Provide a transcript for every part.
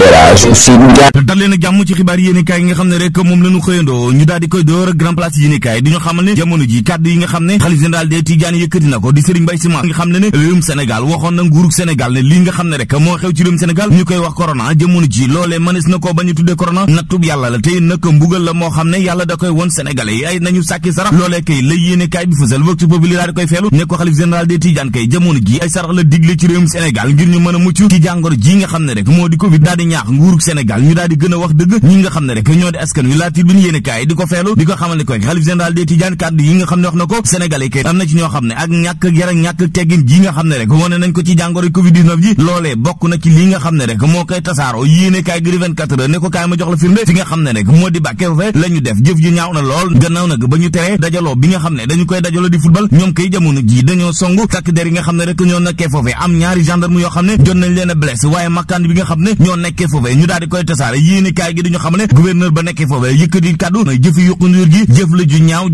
Elhadji Ousseynou Ndiaye dal a jàmm ci xibaar yéenekaay yi nga xam ne rek moom la ñu xëyandoo ñu daal koy door grand place yéenekaay di ñu xamal ne jamono ji kàddu yi nga xam ne xalif général des Tidianes yëkkati na ko di Serigne Mbaye Sy Mansour nga ñu koy wax corona jamono ji loolee mënees na koo bañ a tuddee corona nattub yàlla la tey nag mbugal la moo xam ne yàlla da koy won Sénégalais yi nañu sàkki sarax loolee kay la yéenekaay bi fësal vox populi daal di koy feelu ne ñaax nguurug Sénégal ñu daal di wax dëgg ñi nga xam ne rek ñoo di askan wi laati biñu yéene kaay di ko feelu di ko xamal ne koy xalif général des ci ñoo xam ne ak nga xam ne rek moo di 24 heures ne def jëf ji ñaaw na lool gannaaw nag ba ñu teree dajaloo bi nga xam ne dañu koy dajaloo di football ñoom kay jamono ji dañoo song takk der yi nga xam ne rek ñoo nekkee foofee am ñaari gendarme yoo xam ne jot nañ leen a waaye makkaan bi nga xam nekkee foofee ñu daal di na jëfi yuqu nduur gi jëf la ju ñaaw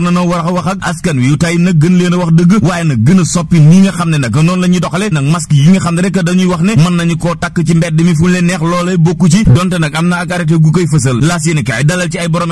na noo war a wax nag gën a wax dëgg waaye nag gën la ñuy doxale nag masque yi nga xam ne rek dañuy wax ne mën nañu koo takk ci mbedd mi fu ñu leen am na ak arrêté gu koy fësal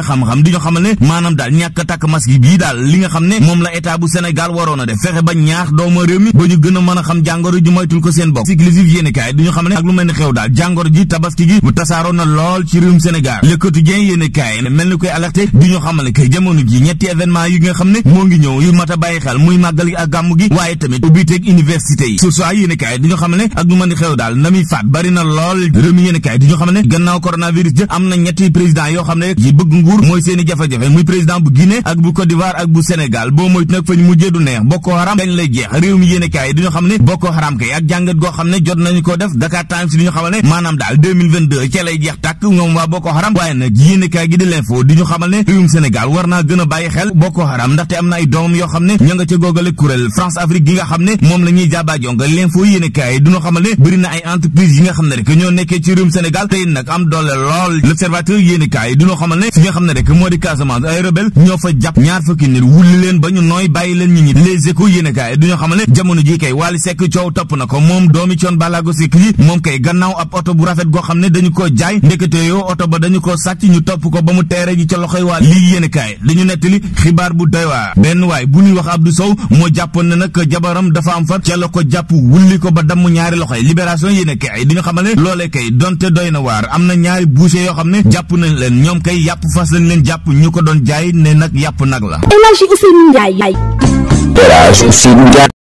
xam ne maanaam daal ñàkk takk masque bii daal li nga xam ne moom la état bu Sénégal waroon a def fexe ba ñaax doomu réew mi gën a mën a xam jàngoro ji moytul ko seen bopp siklisif yéen kaay du xam ne ak lu mel ni xew daal jàngoro ji tabaski gi bu tasaaroo na lool ci réewum Sénégal Le Quotidien yéen kaay mel ni koy alerté du ñu xamal ne kay jamono ji ñetti événement yi nga xam ne moo ngi ñëw yu mat a bàyyi xel muy màggal gi ak gàmmu gi waaye tamit ubbiteeg université yi sursoit yéen kaay du xam ne ak lu mel ni xew daal na muy bari na lool réew mi yéen kaay du ñu xam ne gannaaw coronavirus ja am na ñetti président yoo xam ne yi bëgg nguur mooy seeni jafe-jafe président bu Guinée ak bu Côte d'Ivoire ak bu Sénégal boo moytu nag fañ neex Boko Haram dañ lay jeex réew mi yéen kaay di ñu xam ne Boko Haram kay ak jàngat goo xam ne jot nañu ko def Dakar Times di ñu xamal ne maanaam daal 2022 ca lay jeex tàkk ñoom waa Boko Haram waaye nag yéenekaay gi di l'info di ñu xamal ne réewum Sénégal war naa gën a bàyyi xel Boko Haram ndaxte am na ay doomam yoo xam ne ña nga ca googale kuréel France Afrique gi nga xam ne moom la ñuy jàbbaa jonga l'info yéenekaay di ñu xamal ne bëri na ay entreprise yi nga xam ne rek ñoo nekkee ci réewum Sénégal tey nag am doole lool l'observateur yéenekaay di ñu xamal ne fi nga xam ne rek moo di Casamance ay rebelle ñoo fa jàpp ñaar fukki leen ba ñu nooy bàyyi leen ñi ñi les échos jamono ji kay Wally Seck coow topp na ko moom doomi coon balago Seck yi moom kay gannaaw ab oto bu rafet goo xam ne dañu koo jaay ndekete yoo oto ba dañu koo sàcc ñu topp ko ba mu teere ji ca loxoy waa lii yéen kaay dañu bu doy waar benn waay bu ñuy wax Abdou Sow moo jàppoon nag jabaram dafa am far ca la ko jàpp wulli ko ba damm ñaari loxoy libération yéen kaay di ñu xamale loole kay donte doy na waar am na ñaari boucher yoo xam ne jàpp nañ leen ñoom kay yàpp fas lañ leen jàpp ñu ko doon jaay ne nag yàpp nag la Elhadji Ousseynou Ndiaye